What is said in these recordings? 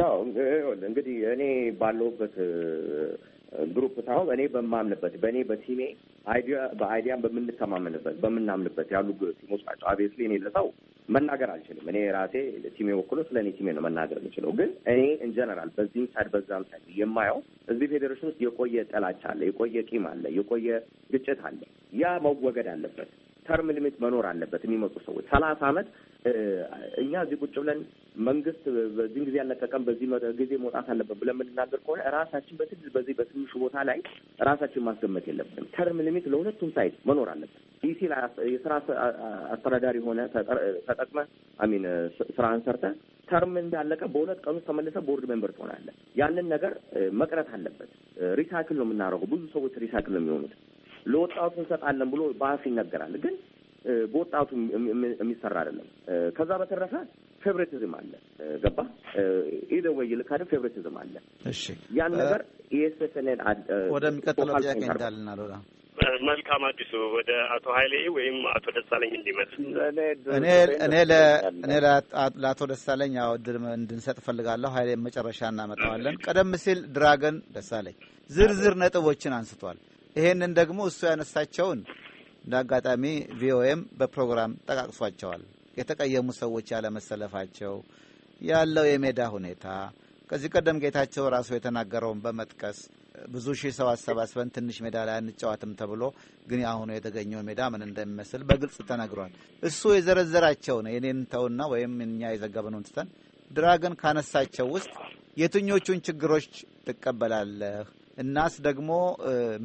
ያው እንግዲህ እኔ ባለሁበት ግሩፕ ሳይሆን እኔ በማምንበት በእኔ በቲሜ በአይዲያን በምንተማመንበት በምናምንበት ያሉ ቲሞች ናቸው። አብየስሊ እኔ ለሰው መናገር አልችልም። እኔ ራሴ ቲሜ ወክሎ ስለ እኔ ቲሜ ነው መናገር የምችለው። ግን እኔ ኢንጀነራል በዚህም ሳይድ በዛም ሳይድ የማየው እዚህ ፌዴሬሽን ውስጥ የቆየ ጥላቻ አለ፣ የቆየ ቂም አለ፣ የቆየ ግጭት አለ። ያ መወገድ አለበት። ተርም ሊሚት መኖር አለበት። የሚመጡ ሰዎች ሰላሳ አመት እኛ እዚህ ቁጭ ብለን መንግስት በዚህን ጊዜ ያለቀቀም በዚህ ጊዜ መውጣት አለበት ብለን የምንናገር ከሆነ ራሳችን በትግል በዚህ በትንሹ ቦታ ላይ ራሳችን ማስገመት የለብንም። ተርም ሊሚት ለሁለቱም ሳይድ መኖር አለበት። ኢሲ የስራ አስተዳዳሪ ሆነ ተጠቅመ አሚን ስራህን ሰርተ ተርም እንዳለቀ በሁለት ቀን ውስጥ ተመልሰ ቦርድ ሜምበር ትሆናለ። ያንን ነገር መቅረት አለበት። ሪሳይክል ነው የምናደርገው። ብዙ ሰዎች ሪሳይክል ነው የሚሆኑት። ለወጣቱ እንሰጣለን ብሎ በአፍ ይነገራል ግን በወጣቱ የሚሰራ አይደለም። ከዛ በተረፈ ፌብሬቲዝም አለ። ገባ ኢዘ ወይ ይልካል። ፌብሬቲዝም አለ። እሺ ያን ነገር የሰሰነን e ወደሚቀጥለው ጥያቄ እንዳልና ሎላ መልካም አዲሱ ወደ አቶ ሀይሌ ወይም አቶ ደሳለኝ እንዲመስል እኔ እኔ ለአቶ ደሳለኝ ያው እድል እንድንሰጥ ፈልጋለሁ። ሀይሌ መጨረሻ እናመጣዋለን። ቀደም ሲል ድራገን ደሳለኝ ዝርዝር ነጥቦችን አንስቷል። ይሄንን ደግሞ እሱ ያነሳቸውን እንደ አጋጣሚ ቪኦኤም በፕሮግራም ጠቃቅሷቸዋል። የተቀየሙ ሰዎች ያለመሰለፋቸው፣ ያለው የሜዳ ሁኔታ ከዚህ ቀደም ጌታቸው ራሱ የተናገረውን በመጥቀስ ብዙ ሺህ ሰው አሰባስበን ትንሽ ሜዳ ላይ አንጫዋትም ተብሎ ግን የአሁኑ የተገኘው ሜዳ ምን እንደሚመስል በግልጽ ተነግሯል። እሱ የዘረዘራቸው ነው። የኔን ተውና ወይም እኛ የዘገብነውን ትተን ድራገን ካነሳቸው ውስጥ የትኞቹን ችግሮች ትቀበላለህ? እናስ ደግሞ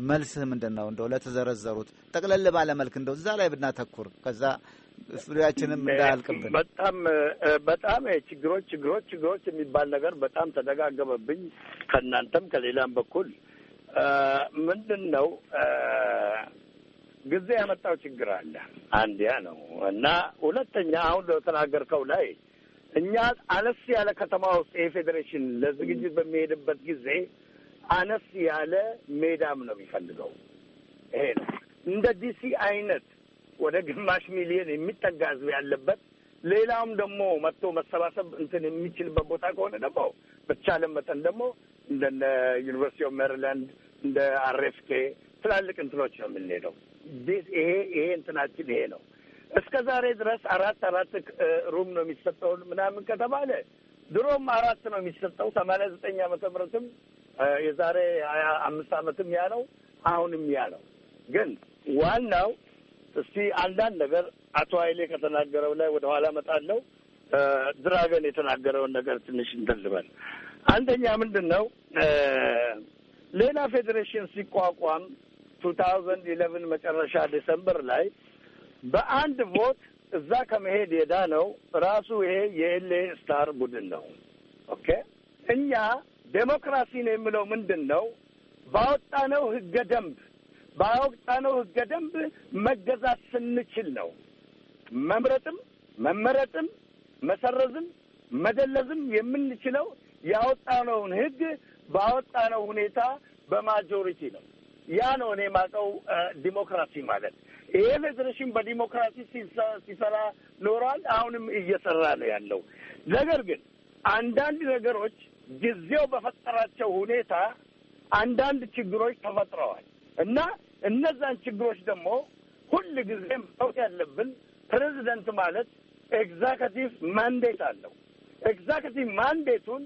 መልስህ ምንድን ነው? እንደው ለተዘረዘሩት ጠቅለል ባለ መልክ እንደው እዛ ላይ ብናተኩር ከዛ ስቱዲያችንም እንዳያልቅብን። በጣም በጣም ችግሮች ችግሮች ችግሮች የሚባል ነገር በጣም ተደጋገመብኝ ከእናንተም ከሌላም በኩል ምንድን ነው ጊዜ ያመጣው ችግር አለ። አንድ ነው እና ሁለተኛ አሁን ለተናገርከው ላይ እኛ አነስ ያለ ከተማ ውስጥ ይሄ ፌዴሬሽን ለዝግጅት በሚሄድበት ጊዜ አነስ ያለ ሜዳም ነው የሚፈልገው። ይሄ ነው እንደ ዲሲ አይነት ወደ ግማሽ ሚሊዮን የሚጠጋ ህዝብ ያለበት ሌላውም ደግሞ መጥቶ መሰባሰብ እንትን የሚችልበት ቦታ ከሆነ ደግሞ በተቻለ መጠን ደግሞ እንደ ዩኒቨርሲቲ ኦፍ ሜሪላንድ እንደ አርኤፍኬ ትላልቅ እንትኖች ነው የምንሄደው። ይሄ ይሄ እንትናችን ይሄ ነው። እስከ ዛሬ ድረስ አራት አራት ሩም ነው የሚሰጠውን ምናምን ከተባለ ድሮም አራት ነው የሚሰጠው። ሰማንያ ዘጠኝ ዓመተ ምህረትም የዛሬ ሀያ አምስት ዓመትም ያ ነው፣ አሁንም ያ ነው። ግን ዋናው እስቲ አንዳንድ ነገር አቶ ኃይሌ ከተናገረው ላይ ወደ ኋላ መጣለው ድራገን የተናገረውን ነገር ትንሽ እንደልበል። አንደኛ ምንድን ነው ሌላ ፌዴሬሽን ሲቋቋም ቱ ታውዘንድ ኢሌቭን መጨረሻ ዲሰምበር ላይ በአንድ ቮት እዛ ከመሄድ የዳነው ራሱ ይሄ የኤልኤ ስታር ቡድን ነው። ኦኬ እኛ ዴሞክራሲ ነው የምለው ምንድን ነው? ባወጣነው ህገ ደንብ ባወጣነው ህገ ደንብ መገዛት ስንችል ነው። መምረጥም መመረጥም መሰረዝም መደለዝም የምንችለው ያወጣነውን ህግ ባወጣነው ሁኔታ በማጆሪቲ ነው። ያ ነው እኔ የማውቀው ዲሞክራሲ ማለት። ይሄ ፌዴሬሽን በዲሞክራሲ ሲሰራ ኖሯል፣ አሁንም እየሰራ ነው ያለው። ነገር ግን አንዳንድ ነገሮች ጊዜው በፈጠራቸው ሁኔታ አንዳንድ ችግሮች ተፈጥረዋል እና እነዛን ችግሮች ደግሞ ሁል ጊዜ መውት ያለብን ፕሬዚደንት ማለት ኤግዛክቲቭ ማንዴት አለው። ኤግዛክቲቭ ማንዴቱን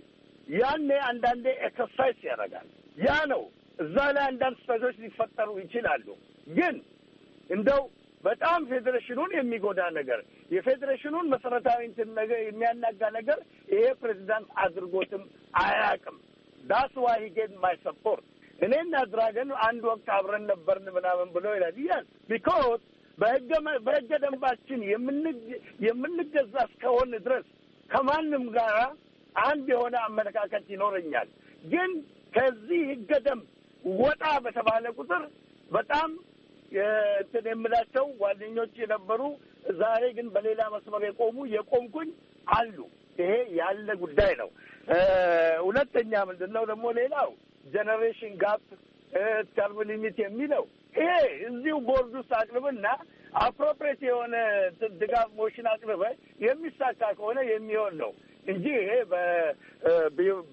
ያኔ አንዳንዴ ኤክሰርሳይዝ ያደርጋል። ያ ነው እዛ ላይ አንዳንድ ስህተቶች ሊፈጠሩ ይችላሉ። ግን እንደው በጣም ፌዴሬሽኑን የሚጎዳ ነገር የፌዴሬሽኑን መሰረታዊ እንትን ነገር የሚያናጋ ነገር ይሄ ፕሬዚዳንት አድርጎትም አያቅም ዳስ ዋይ ሂ ማይ ሰፖርት። እኔና ድራገን አንድ ወቅት አብረን ነበርን ምናምን ብሎ ይላል ያል ቢኮዝ በህገ ደንባችን የምንገዛ እስከሆን ድረስ ከማንም ጋር አንድ የሆነ አመለካከት ይኖረኛል። ግን ከዚህ ህገ ደንብ ወጣ በተባለ ቁጥር በጣም እንትን የምላቸው ጓደኞች የነበሩ ዛሬ ግን በሌላ መስመር የቆሙ የቆምኩኝ አሉ። ይሄ ያለ ጉዳይ ነው። ሁለተኛ ምንድን ነው ደግሞ ሌላው ጀኔሬሽን ጋፕ ተርም ሊሚት የሚለው ይሄ እዚሁ ቦርድ ውስጥ አቅርብና አፕሮፕሬት የሆነ ድጋፍ ሞሽን አቅርበ የሚሳካ ከሆነ የሚሆን ነው እንጂ ይሄ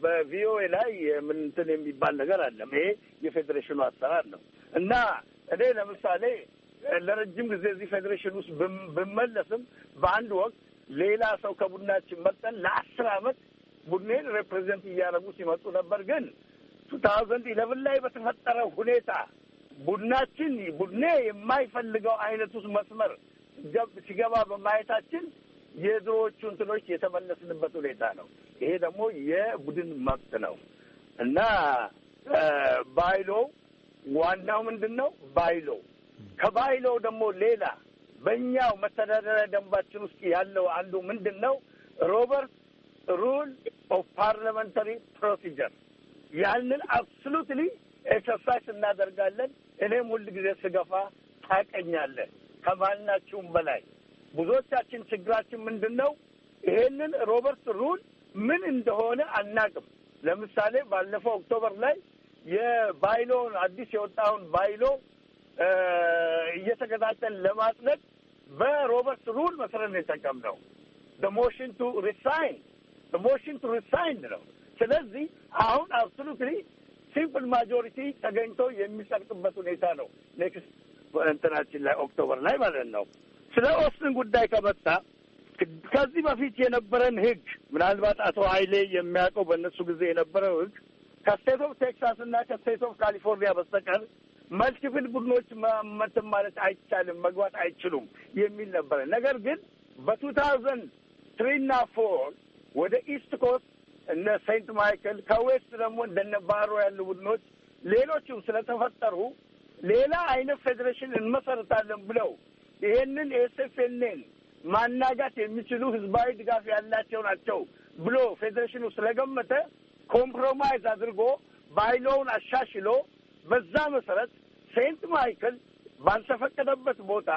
በቪኦኤ ላይ ምንትን የሚባል ነገር አለም። ይሄ የፌዴሬሽኑ አሰራር ነው እና እኔ ለምሳሌ ለረጅም ጊዜ እዚህ ፌዴሬሽን ውስጥ ብመለስም በአንድ ወቅት ሌላ ሰው ከቡድናችን መጠን ለአስር አመት ቡድኔን ሬፕሬዘንት እያደረጉ ሲመጡ ነበር። ግን ቱ ታውዘንድ ኢለቭን ላይ በተፈጠረ ሁኔታ ቡድናችን ቡድኔ የማይፈልገው አይነት ውስጥ መስመር ሲገባ በማየታችን የድሮዎቹ እንትኖች የተመለስንበት ሁኔታ ነው። ይሄ ደግሞ የቡድን መብት ነው እና ባይሎው ዋናው ምንድን ነው? ባይሎ ከባይሎ ደግሞ ሌላ በእኛው መተዳደሪያ ደንባችን ውስጥ ያለው አንዱ ምንድን ነው? ሮበርት ሩል ኦፍ ፓርላመንታሪ ፕሮሲጀር ያንን አብሶሉትሊ ኤክሰርሳይዝ እናደርጋለን። እኔም ሁል ጊዜ ስገፋ ታቀኛለን ከማናችሁም በላይ ብዙዎቻችን ችግራችን ምንድን ነው? ይሄንን ሮበርት ሩል ምን እንደሆነ አናቅም። ለምሳሌ ባለፈው ኦክቶበር ላይ የባይሎን አዲስ የወጣውን ባይሎ እየተከታተል ለማጽደቅ በሮበርት ሩል መሰረት ነው ሞሽን ቱ ሪሳይን ሞሽን ቱ ሪሳይን ነው። ስለዚህ አሁን አብሶሉትሊ ሲምፕል ማጆሪቲ ተገኝቶ የሚጸድቅበት ሁኔታ ነው ኔክስት እንትናችን ላይ ኦክቶበር ላይ ማለት ነው። ስለ ኦስትን ጉዳይ ከመጣ ከዚህ በፊት የነበረን ህግ ምናልባት አቶ ኃይሌ የሚያውቀው በእነሱ ጊዜ የነበረው ህግ ከስቴት ኦፍ ቴክሳስ እና ከስቴት ኦፍ ካሊፎርኒያ በስተቀር መልቲፕል ቡድኖች መትን ማለት አይቻልም፣ መግባት አይችሉም የሚል ነበረ። ነገር ግን በቱ ታውዘንድ ትሪ እና ፎር ወደ ኢስት ኮስት እነ ሴንት ማይክል ከዌስት ደግሞ እንደነ ባሮ ያሉ ቡድኖች ሌሎቹም ስለተፈጠሩ ሌላ አይነት ፌዴሬሽን እንመሰረታለን ብለው ይሄንን ኤስፍኔን ማናጋት የሚችሉ ህዝባዊ ድጋፍ ያላቸው ናቸው ብሎ ፌዴሬሽኑ ስለገመተ ኮምፕሮማይዝ አድርጎ ባይሎውን አሻሽሎ በዛ መሰረት ሴንት ማይክል ባልተፈቀደበት ቦታ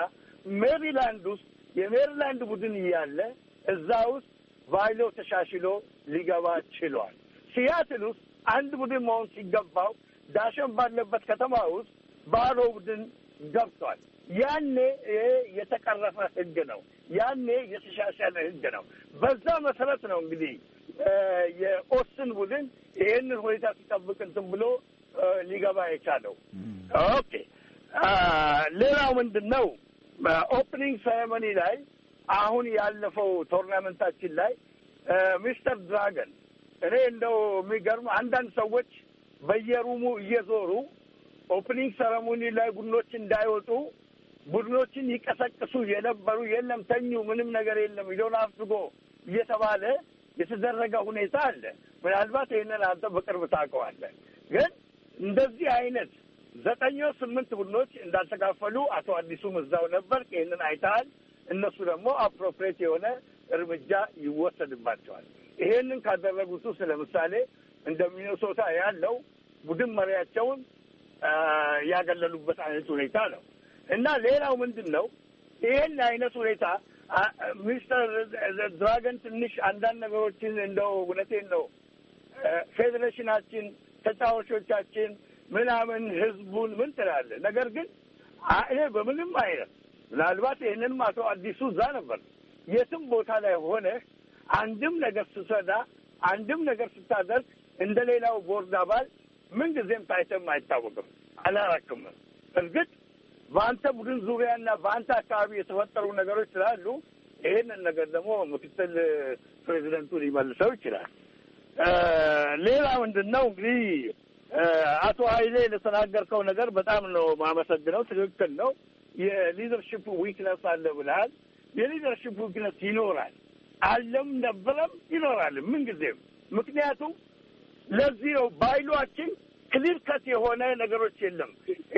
ሜሪላንድ ውስጥ የሜሪላንድ ቡድን እያለ እዛ ውስጥ ባይሎ ተሻሽሎ ሊገባ ችሏል። ሲያትል ውስጥ አንድ ቡድን መሆን ሲገባው ዳሸን ባለበት ከተማ ውስጥ ባሮ ቡድን ገብቷል። ያኔ የተቀረፈ ህግ ነው። ያኔ የተሻሻለ ህግ ነው። በዛ መሰረት ነው እንግዲህ የኦስትን ቡድን ይሄንን ሁኔታ ሲጠብቅ እንትን ብሎ ሊገባ የቻለው። ኦኬ ሌላው ምንድን ነው? ኦፕኒንግ ሴሬሞኒ ላይ አሁን ያለፈው ቶርናመንታችን ላይ ሚስተር ድራገን እኔ እንደው የሚገርሙ አንዳንድ ሰዎች በየሩሙ እየዞሩ ኦፕኒንግ ሴረሞኒ ላይ ቡድኖች እንዳይወጡ ቡድኖችን ይቀሰቅሱ የነበሩ የለም ተኙ፣ ምንም ነገር የለም ይዞን አፍትጎ እየተባለ የተደረገ ሁኔታ አለ። ምናልባት ይህንን አንተ በቅርብ ታውቀዋለህ። ግን እንደዚህ አይነት ዘጠኝ ስምንት ቡድኖች እንዳልተካፈሉ አቶ አዲሱም እዛው ነበር። ይህንን አይተሃል። እነሱ ደግሞ አፕሮፕሬት የሆነ እርምጃ ይወሰድባቸዋል። ይሄንን ካደረጉት ውስጥ ለምሳሌ እንደ ሚኒሶታ ያለው ቡድን መሪያቸውን ያገለሉበት አይነት ሁኔታ ነው እና ሌላው ምንድን ነው ይህን አይነት ሁኔታ ሚስተር ድራገን ትንሽ አንዳንድ ነገሮችን እንደው እውነቴን ነው ፌዴሬሽናችን ተጫዋቾቻችን ምናምን ህዝቡን ምን ትላለህ። ነገር ግን ይሄ በምንም አይነት ምናልባት ይህንንም አቶ አዲሱ እዛ ነበር የትም ቦታ ላይ ሆነህ አንድም ነገር ስትሰዳ አንድም ነገር ስታደርግ እንደ ሌላው ቦርድ አባል ምን ጊዜም ታይተም አይታወቅም፣ አላራክምም። እርግጥ በአንተ ቡድን ዙሪያና በአንተ አካባቢ የተፈጠሩ ነገሮች ስላሉ ይህንን ነገር ደግሞ ምክትል ፕሬዚደንቱ ሊመልሰው ይችላል። ሌላ ምንድን ነው እንግዲህ አቶ ሀይሌ ለተናገርከው ነገር በጣም ነው ማመሰግነው። ትክክል ነው። የሊደርሽፕ ዊክነስ አለ ብልሃል። የሊደርሽፕ ዊክነስ ይኖራል፣ አለም ነበረም ይኖራል ምንጊዜም። ምክንያቱም ለዚህ ነው ባይሏችን ክሊር ከት የሆነ ነገሮች የለም።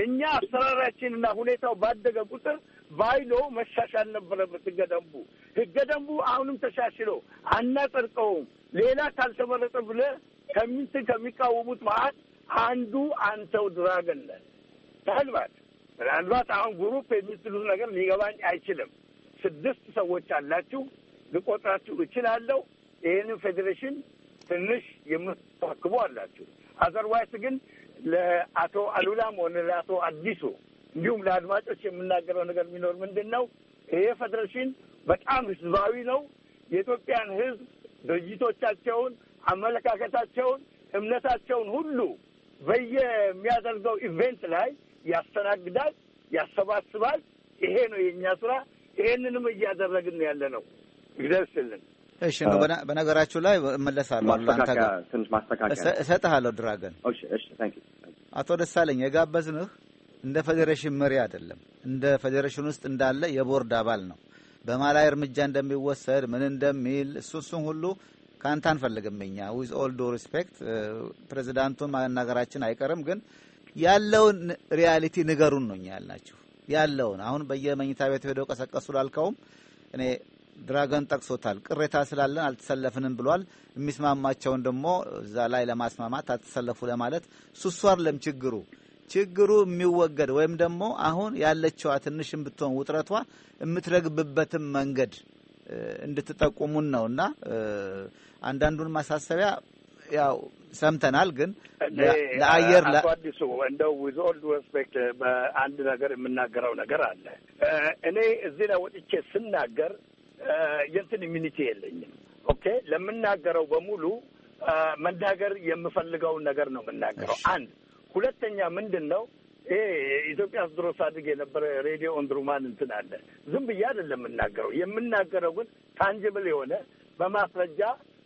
እኛ አሰራራችን ሁኔታው ባደገ ቁጥር ባይሎ መሻሻል ነበረበት ህገ ደንቡ። ህገ ደንቡ አሁንም ተሻሽሎ አናጸድቀውም ሌላ ካልተመረጠ ብለ ከሚንት ከሚቃወሙት መሀል አንዱ አንተው ድራገለ ምናልባት ምናልባት አሁን ግሩፕ የምትሉት ነገር ሊገባኝ አይችልም። ስድስት ሰዎች አላችሁ ልቆጥራችሁ እችላለሁ። ይህንን ፌዴሬሽን ትንሽ የምታክቡ አላችሁ አዘርዋይስ ግን ለአቶ አሉላም ሆነ ለአቶ አዲሱ እንዲሁም ለአድማጮች የምናገረው ነገር የሚኖር ምንድን ነው፣ ይሄ ፌዴሬሽን በጣም ህዝባዊ ነው። የኢትዮጵያን ህዝብ ድርጅቶቻቸውን፣ አመለካከታቸውን፣ እምነታቸውን ሁሉ በየሚያደርገው ኢቬንት ላይ ያስተናግዳል፣ ያሰባስባል። ይሄ ነው የእኛ ስራ። ይሄንንም እያደረግን ያለ ነው። እግዚአብሔር እሺ ነው። በነገራችሁ ላይ እመለሳለሁ። ማስተካከያ ትንሽ ማስተካከያ እሰጥሃለሁ። ድራገን እሺ፣ እሺ፣ ታንክ ዩ አቶ ደሳለኝ። የጋበዝንህ እንደ ፌዴሬሽን መሪ አይደለም፣ እንደ ፌዴሬሽን ውስጥ እንዳለ የቦርድ አባል ነው። በማላይ እርምጃ እንደሚወሰድ ምን እንደሚል እሱ እሱን ሁሉ ከአንተ አንፈልግም እኛ። ዊዝ ኦል ዱ ሪስፔክት ፕሬዚዳንቱን ማናገራችን አይቀርም፣ ግን ያለውን ሪያሊቲ ንገሩን ነው እኛ ያልናችሁ። ያለውን አሁን በየመኝታ ቤቱ ሄደው ቀሰቀሱ ላልከውም እኔ ድራገን ጠቅሶታል። ቅሬታ ስላለን አልተሰለፍንም ብሏል። የሚስማማቸውን ደግሞ እዛ ላይ ለማስማማት አልተሰለፉ ለማለት ሱሱ ለም ችግሩ ችግሩ የሚወገድ ወይም ደግሞ አሁን ያለችዋ ትንሽም ብትሆን ውጥረቷ የምትረግብበትም መንገድ እንድትጠቁሙን ነው እና አንዳንዱን ማሳሰቢያ ያው ሰምተናል። ግን ለአየር አዲሱ እንደው ዊዝ ኦልድ ሬስፔክት በአንድ ነገር የምናገረው ነገር አለ። እኔ እዚህ ላይ ወጥቼ ስናገር የእንትን ኢሚኒቲ የለኝም። ኦኬ ለምናገረው በሙሉ መናገር የምፈልገውን ነገር ነው የምናገረው። አንድ ሁለተኛ ምንድን ነው ይሄ ኢትዮጵያ ውስጥ ድሮ ሳድግ የነበረ ሬዲዮ ኦንድሩማን እንትን አለ። ዝም ብዬ አይደለም የምናገረው። የምናገረው ግን ታንጅብል የሆነ በማስረጃ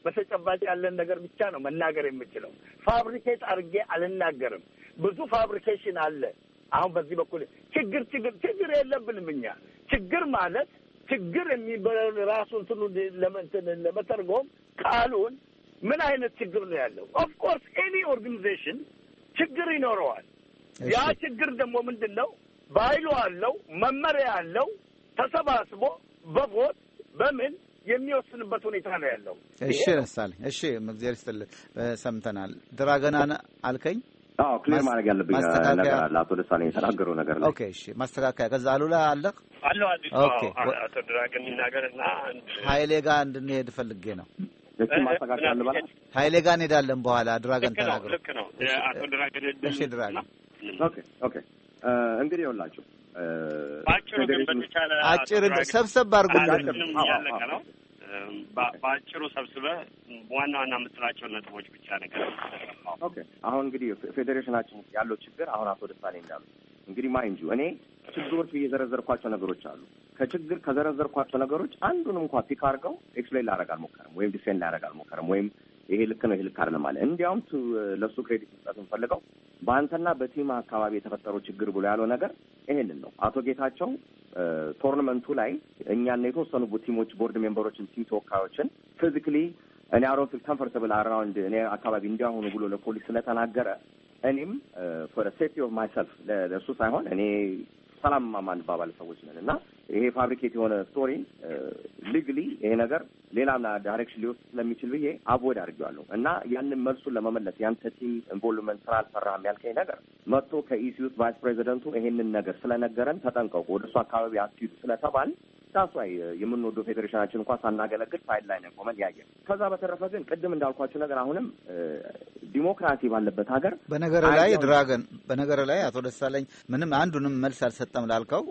በተጨባጭ ያለን ነገር ብቻ ነው መናገር የምችለው። ፋብሪኬት አድርጌ አልናገርም። ብዙ ፋብሪኬሽን አለ። አሁን በዚህ በኩል ችግር ችግር ችግር የለብንም እኛ ችግር ማለት ችግር የሚበለውን ራሱን እንትኑ ለመተርጎም ቃሉን ምን አይነት ችግር ነው ያለው? ኦፍኮርስ ኤኒ ኦርጋኒዜሽን ችግር ይኖረዋል። ያ ችግር ደግሞ ምንድን ነው? ባይሉ አለው፣ መመሪያ አለው። ተሰባስቦ በቦት በምን የሚወስንበት ሁኔታ ነው ያለው። እሺ፣ እሺ፣ እግዜር ይስጥልህ። ሰምተናል። ድራገናን አልከኝ አዎ ክሊር ማድረግ ያለብኝ ነገር አለ። አቶ ደሳለኝ የተናገረው ነገር ላይ ኦኬ፣ እሺ፣ ማስተካከያ ከዛ አሉ ላይ አለ አለ አዲሱ አቶ ድራቅ የሚናገርና ሀይሌ ጋር እንድንሄድ ፈልጌ ነው። እሺ፣ ማስተካከያ አለ ባላ ሀይሌ ጋር እንሄዳለን በኋላ ድራገን ተናግሮ ልክ ነው። አቶ ድራገን እሺ፣ ድራገን ኦኬ፣ ኦኬ። እንግዲህ ይኸውላችሁ አጭር ግን በተቻለ አጭር ሰብሰብ አድርጉልን በአጭሩ ሰብስበ ዋና ዋና የምትላቸው ነጥቦች ብቻ ነገር። ኦኬ አሁን እንግዲህ ፌዴሬሽናችን ያለው ችግር አሁን አቶ ደሳሌ እንዳሉ እንግዲህ ማይንጁ እኔ ችግሮች እየዘረዘርኳቸው ነገሮች አሉ። ከችግር ከዘረዘርኳቸው ነገሮች አንዱን እንኳ ፒክ አድርገው ኤክስፕሌን ላደርግ አልሞከርም፣ ወይም ዲፌንድ ላደርግ አልሞከርም፣ ወይም ይሄ ልክ ነው ይሄ ልክ አይደለም አለ። እንዲያውም ለእሱ ክሬዲት መስጠት የምፈልገው በአንተና በቲም አካባቢ የተፈጠረው ችግር ብሎ ያለው ነገር ይሄንን ነው። አቶ ጌታቸው ቶርናመንቱ ላይ እኛና የተወሰኑ ቲሞች ቦርድ ሜምበሮችን፣ ቲም ተወካዮችን ፊዚክሊ እኔ አሮን ፊል ኮምፈርታብል አራውንድ እኔ አካባቢ እንዲያሆኑ ብሎ ለፖሊስ ስለተናገረ እኔም ፎር ሴፍቲ ኦፍ ማይሰልፍ ለእሱ ሳይሆን እኔ ሰላም ማንባባል ሰዎች ነን እና ይሄ ፋብሪኬት የሆነ ስቶሪ ሊግሊ ይሄ ነገር ሌላ ዳይሬክሽን ሊወስድ ስለሚችል ብዬ አቮይድ አድርጌዋለሁ እና ያንን መልሱን ለመመለስ ያንተ ቲም ኢንቮልቭመንት ስራ አልሰራህም ያልከኝ ነገር መጥቶ ከኢሲዩስ ቫይስ ፕሬዚደንቱ ይሄንን ነገር ስለነገረን ተጠንቀቁ፣ ወደ እሱ አካባቢ አትሂዱ ስለተባል ዳስ ላይ የምንወደው ፌዴሬሽናችን እኳ ሳናገለግል ፋይል ላይ ነው ቆመን ያየ። ከዛ በተረፈ ግን ቅድም እንዳልኳቸው ነገር አሁንም ዲሞክራሲ ባለበት ሀገር በነገር ላይ ድራገን በነገር ላይ አቶ ደሳለኝ ምንም አንዱንም መልስ አልሰጠም ላልከው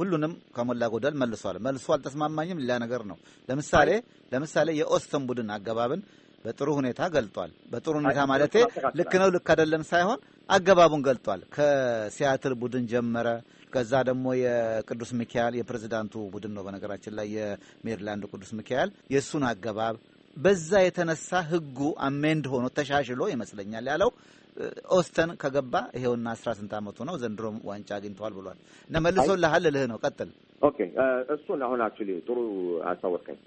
ሁሉንም ከሞላ ጎደል መልሷል። መልሶ አልተስማማኝም ሌላ ነገር ነው። ለምሳሌ ለምሳሌ የኦስተን ቡድን አገባብን በጥሩ ሁኔታ ገልጧል። በጥሩ ሁኔታ ማለቴ ልክ ነው ልክ አይደለም ሳይሆን አገባቡን ገልጧል። ከሲያትል ቡድን ጀመረ። ከዛ ደግሞ የቅዱስ ሚካኤል የፕሬዚዳንቱ ቡድን ነው በነገራችን ላይ የሜሪላንድ ቅዱስ ሚካኤል የእሱን አገባብ በዛ የተነሳ ህጉ አሜንድ ሆኖ ተሻሽሎ ይመስለኛል ያለው ኦስተን ከገባ ይሄውና አስራ ስንት አመቱ ነው። ዘንድሮም ዋንጫ አግኝተዋል ብሏል እና መልሶ ላህል ነው ቀጥል። ኦኬ እሱን አሁን አክቹዋሊ ጥሩ አስታወቀኝ።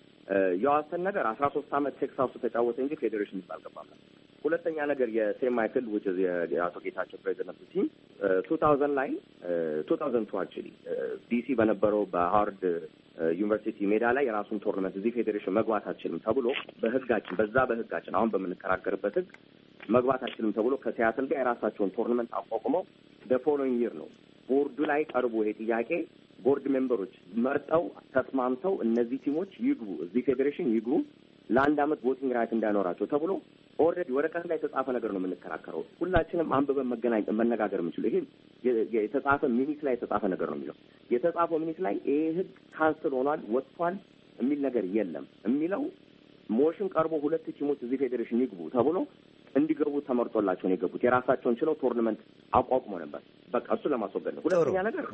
የዋሰን ነገር አስራ ሶስት ዓመት ቴክሳሱ ተጫወተ እንጂ ፌዴሬሽን ውስጥ አልገባም። ሁለተኛ ነገር የሴን ማይክል ውጭ የአቶ uh, ጌታቸው ፕሬዚደንት ቲም ቱ ታውዘንድ ላይ ቱ ታውዘንድ ቱ አክቹዋሊ ዲሲ በነበረው በሃዋርድ uh, ዩኒቨርሲቲ ሜዳ ላይ የራሱን ቶርነመንት እዚህ ፌዴሬሽን መግባት አችልም ተብሎ በህጋችን በዛ በህጋችን አሁን በምንከራከርበት ህግ መግባት አችልም ተብሎ ከሲያትል ጋር የራሳቸውን ቶርነመንት አቋቁመው በፎሎዊንግ ይር ነው ቦርዱ ላይ ቀርቦ ይሄ ጥያቄ ቦርድ ሜምበሮች መርጠው ተስማምተው እነዚህ ቲሞች ይግቡ እዚህ ፌዴሬሽን ይግቡ ለአንድ አመት ቮቲንግ ራይት እንዳይኖራቸው ተብሎ ኦልሬዲ ወረቀት ላይ የተጻፈ ነገር ነው የምንከራከረው። ሁላችንም አንብበን መገናኝ መነጋገር የምችሉ ይሄ የተጻፈ ሚኒት ላይ የተጻፈ ነገር ነው የሚለው የተጻፈው ሚኒት ላይ ይሄ ህግ ካንስል ሆኗል ወጥቷል የሚል ነገር የለም የሚለው ሞሽን ቀርቦ ሁለት ቲሞች እዚህ ፌዴሬሽን ይግቡ ተብሎ እንዲገቡ ተመርጦላቸው ነው የገቡት። የራሳቸውን ችለው ቶርናመንት አቋቁሞ ነበር። በቃ እሱ ለማስወገድ ነው። ሁለተኛ ነገር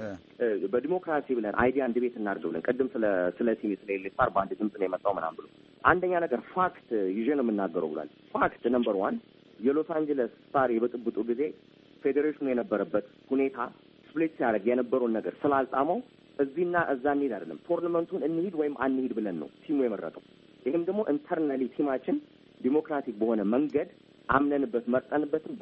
በዲሞክራሲ ብለን አይዲያ እንድቤት ቤት ብለን ቅድም ስለ ስለ ቲቪ ስለ ኤሌክትር በአንድ ድምፅ ነው የመጣው ምናምን ብሎ አንደኛ ነገር ፋክት ይዤ ነው የምናገረው ብሏል። ፋክት ነምበር ዋን የሎስ አንጀለስ ስታር የብጥብጡ ጊዜ ፌዴሬሽኑ የነበረበት ሁኔታ ስፕሊት ሲያደርግ የነበረውን ነገር ስላልጣመው እዚህና እዛ እንሂድ አይደለም፣ ቶርናመንቱን እንሂድ ወይም አንሂድ ብለን ነው ቲሙ የመረጠው። ይህም ደግሞ ኢንተርናሊ ቲማችን ዲሞክራቲክ በሆነ መንገድ አምነንበት መርጠንበትም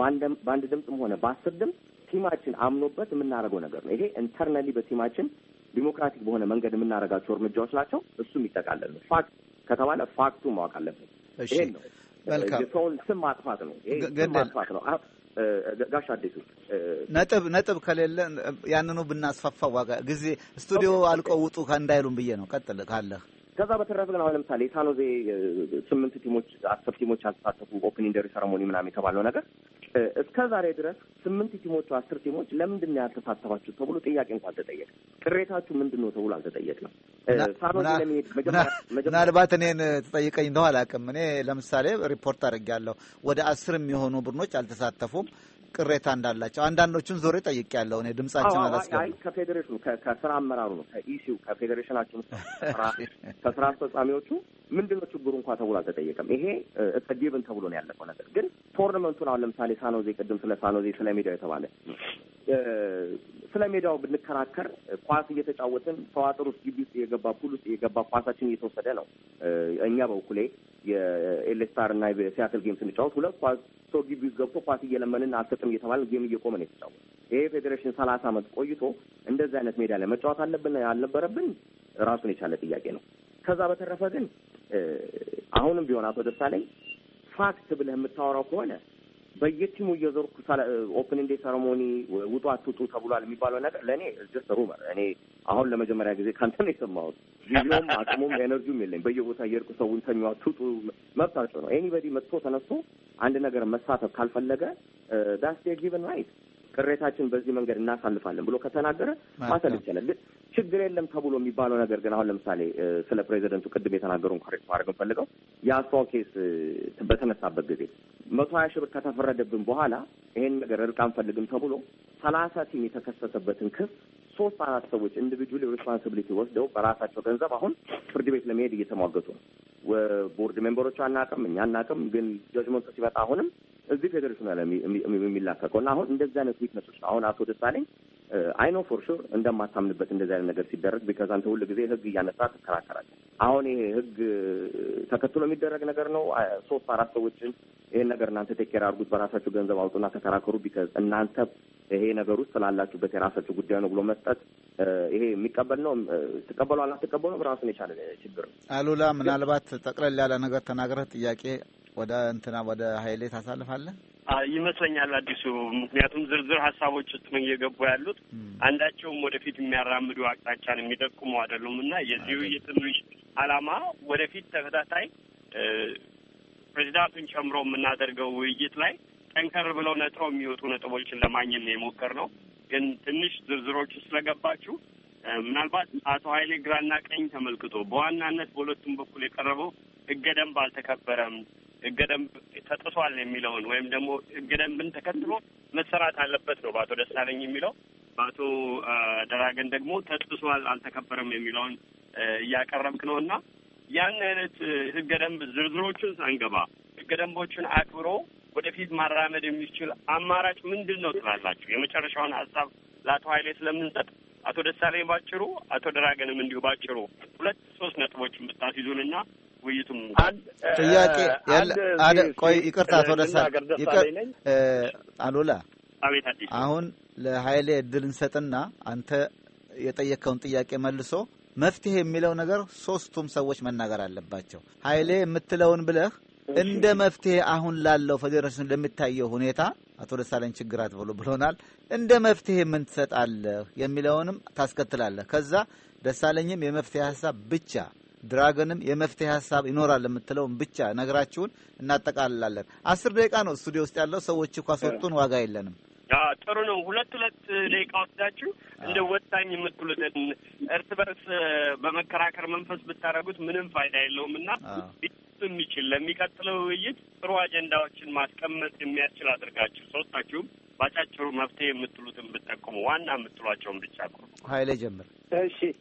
በአንድ ድምፅም ሆነ በአስር ድምፅ ቲማችን አምኖበት የምናደርገው ነገር ነው። ይሄ ኢንተርናሊ በቲማችን ዲሞክራቲክ በሆነ መንገድ የምናደርጋቸው እርምጃዎች ናቸው። እሱም ይጠቃለል ፋክት ከተባለ ፋክቱ ማወቅ አለበት። ይሄን ነው የሰውን ስም ማጥፋት ነው። ይሄ ማጥፋት ነው። ጋሽ አዲሱ ነጥብ ነጥብ ከሌለ ያንኑ ብናስፋፋ ዋጋ ጊዜ ስቱዲዮ አልቆ ውጡ እንዳይሉም ብዬ ነው። ቀጥል ካለህ ከዛ በተረፈ ግን አሁን ለምሳሌ የሳኖዜ ስምንት ቲሞች አስር ቲሞች አልተሳተፉ ኦፕኒንግ ሰረሞኒ ምናምን የተባለው ነገር እስከ ዛሬ ድረስ ስምንት ቲሞቹ አስር ቲሞች ለምንድን ነው ያልተሳተፋችሁ ተብሎ ጥያቄ እንኳ አልተጠየቀ። ቅሬታችሁ ምንድን ነው ተብሎ አልተጠየቅንም። ሳሎን ለመሄድ ምናልባት እኔን ተጠይቀኝ እንደው አላውቅም። እኔ ለምሳሌ ሪፖርት አድርጌያለሁ። ወደ አስር የሚሆኑ ቡድኖች አልተሳተፉም። ቅሬታ እንዳላቸው አንዳንዶቹን ዞሬ ጠይቄያለሁ። እኔ ድምጻችን አላስገባም። ከፌዴሬሽኑ ከስራ አመራሩ ነው ከኢሲዩ ከፌዴሬሽናችን ከስራ አስፈጻሚዎቹ ምንድን ነው ችግሩ እንኳ ተብሎ አልተጠየቀም። ይሄ ጸጊብን ተብሎ ነው ያለቀው ነገር። ግን ቶርናመንቱን አሁን ለምሳሌ ሳኖዜ፣ ቅድም ስለ ሳኖዜ ስለ ሜዳው የተባለ ስለ ሜዳው ብንከራከር ኳስ እየተጫወትን ተዋጥር ውስጥ ግቢ ውስጥ እየገባ ፑል ውስጥ እየገባ ኳሳችን እየተወሰደ ነው። እኛ በኩሌ የኤሌስታር እና ሲያትል ጌም ስንጫወት ሁለት ኳስ ሰው ግቢ ገብቶ ኳስ እየለመንን አልሰጥም እየተባለ ጌም እየቆመ የተጫወት። ይሄ ፌዴሬሽን ሰላሳ ዓመት ቆይቶ እንደዚህ አይነት ሜዳ ላይ መጫወት አለብን አልነበረብን ራሱን የቻለ ጥያቄ ነው። ከዛ በተረፈ ግን አሁንም ቢሆን አቶ ደሳለኝ ፋክት ብለህ የምታወራው ከሆነ በየቲሙ እየዞርኩ ኦፕን ዴ ሰረሞኒ ውጡ አትውጡ ተብሏል የሚባለው ነገር ለእኔ ጀስት ሩመር። እኔ አሁን ለመጀመሪያ ጊዜ ከአንተ ነው የሰማሁት። ጊዜውም አቅሙም ኤነርጂውም የለኝ። በየቦታ እየርቁ ሰውን ተኙ አትውጡ መብታቸው ነው። ኤኒበዲ መጥቶ ተነስቶ አንድ ነገር መሳተፍ ካልፈለገ ዳስ ጊቨን ራይት ቅሬታችን በዚህ መንገድ እናሳልፋለን ብሎ ከተናገረ ማሰል ይቻላል። ችግር የለም ተብሎ የሚባለው ነገር ግን አሁን ለምሳሌ ስለ ፕሬዚደንቱ ቅድም የተናገሩን ኮሬክት ማድረግ እንፈልገው የአስፋው ኬስ በተነሳበት ጊዜ መቶ ሀያ ሺህ ብር ከተፈረደብን በኋላ ይሄን ነገር እርቅ አንፈልግም ተብሎ ሰላሳ ቲም የተከሰሰበትን ክስ ሶስት አራት ሰዎች ኢንዲቪጁዋል ሪስፖንሲቢሊቲ ወስደው በራሳቸው ገንዘብ አሁን ፍርድ ቤት ለመሄድ እየተሟገቱ ነው። ቦርድ ሜምበሮቹ አናቅም፣ እኛ አናቅም። ግን ጀጅመንቱ ሲመጣ አሁንም እዚህ ፌዴሬሽኑ ላይ የሚላከቀው እና አሁን እንደዚህ አይነት ዊትነሶች ነው። አሁን አቶ ደሳለኝ አይ ኖ ፎር ሹር እንደማታምንበት እንደዚህ አይነት ነገር ሲደረግ ቢካዝ አንተ ሁል ጊዜ ህግ እያነሳ ትከራከራለህ። አሁን ይሄ ህግ ተከትሎ የሚደረግ ነገር ነው። ሶስት አራት ሰዎችን ይሄን ነገር እናንተ ቴኬር አድርጉት፣ በራሳችሁ ገንዘብ አውጡና ተከራከሩ፣ ቢካዝ እናንተ ይሄ ነገር ውስጥ ስላላችሁበት የራሳችሁ ጉዳይ ነው ብሎ መስጠት ይሄ የሚቀበል ነው። ትቀበሉ አላትቀበሉም ራሱን የቻለ ችግር ነው። አሉላ ምናልባት ጠቅለል ያለ ነገር ተናግረህ ጥያቄ ወደ እንትና ወደ ሀይሌ ታሳልፋለህ። ይመስለኛል አዲሱ። ምክንያቱም ዝርዝር ሀሳቦች ውስጥ ነው እየገቡ ያሉት። አንዳቸውም ወደፊት የሚያራምዱ አቅጣጫን የሚጠቁሙ አይደሉም እና የዚህ ውይይት አላማ ወደፊት ተከታታይ ፕሬዚዳንቱን ጨምሮ የምናደርገው ውይይት ላይ ጠንከር ብለው ነጥረው የሚወጡ ነጥቦችን ለማግኘት ነው የሞከርነው። ግን ትንሽ ዝርዝሮች ስለገባችሁ ምናልባት አቶ ኃይሌ ግራና ቀኝ ተመልክቶ በዋናነት በሁለቱም በኩል የቀረበው ሕገ ደንብ አልተከበረም ህገ ደንብ ተጥሷል የሚለውን ወይም ደግሞ ህገ ደንብን ተከትሎ መሰራት አለበት ነው በአቶ ደሳለኝ የሚለው። በአቶ ደራገን ደግሞ ተጥሷል፣ አልተከበረም የሚለውን እያቀረብክ ነው እና ያን አይነት ህገ ደንብ ሳንገባ ህገ አክብሮ ወደፊት ማራመድ የሚችል አማራጭ ምንድን ነው ትላላችሁ? የመጨረሻውን ሀሳብ ለአቶ ኃይሌ ስለምንሰጥ አቶ ደሳለኝ ባጭሩ፣ አቶ ደራገንም እንዲሁ ባጭሩ ሁለት ሶስት ብታስይዙን ብታስይዙንና ውይይቱም ጥያቄ ቆይ ይቅርታ፣ አቶ ደሳ አሉላ አቤት። አዲስ አሁን ለሀይሌ እድል እንሰጥና አንተ የጠየቀውን ጥያቄ መልሶ መፍትሄ የሚለው ነገር ሶስቱም ሰዎች መናገር አለባቸው። ሀይሌ የምትለውን ብለህ እንደ መፍትሄ አሁን ላለው ፌዴሬሽን ለሚታየው ሁኔታ አቶ ደሳለኝ ችግር አትበሉ ብሎናል። እንደ መፍትሄ ምን ትሰጣለህ የሚለውንም ታስከትላለህ። ከዛ ደሳለኝም የመፍትሄ ሀሳብ ብቻ ድራገንም የመፍትሄ ሀሳብ ይኖራል የምትለውን ብቻ ነገራችሁን እናጠቃልላለን። አስር ደቂቃ ነው ስቱዲዮ ውስጥ ያለው ሰዎች እኳ ሰጡን፣ ዋጋ የለንም። ጥሩ ነው። ሁለት ሁለት ደቂቃ ወስዳችሁ እንደ ወሳኝ የምትሉትን እርስ በርስ በመከራከር መንፈስ ብታደርጉት ምንም ፋይዳ የለውም እና የሚችል ለሚቀጥለው ውይይት ጥሩ አጀንዳዎችን ማስቀመጥ የሚያስችል አድርጋችሁ ሶስታችሁም ባጫጭሩ መፍትሄ የምትሉትን ብጠቁሙ ዋና የምትሏቸውን ብቻ ቁ ሀይሌ ጀምር። እሺ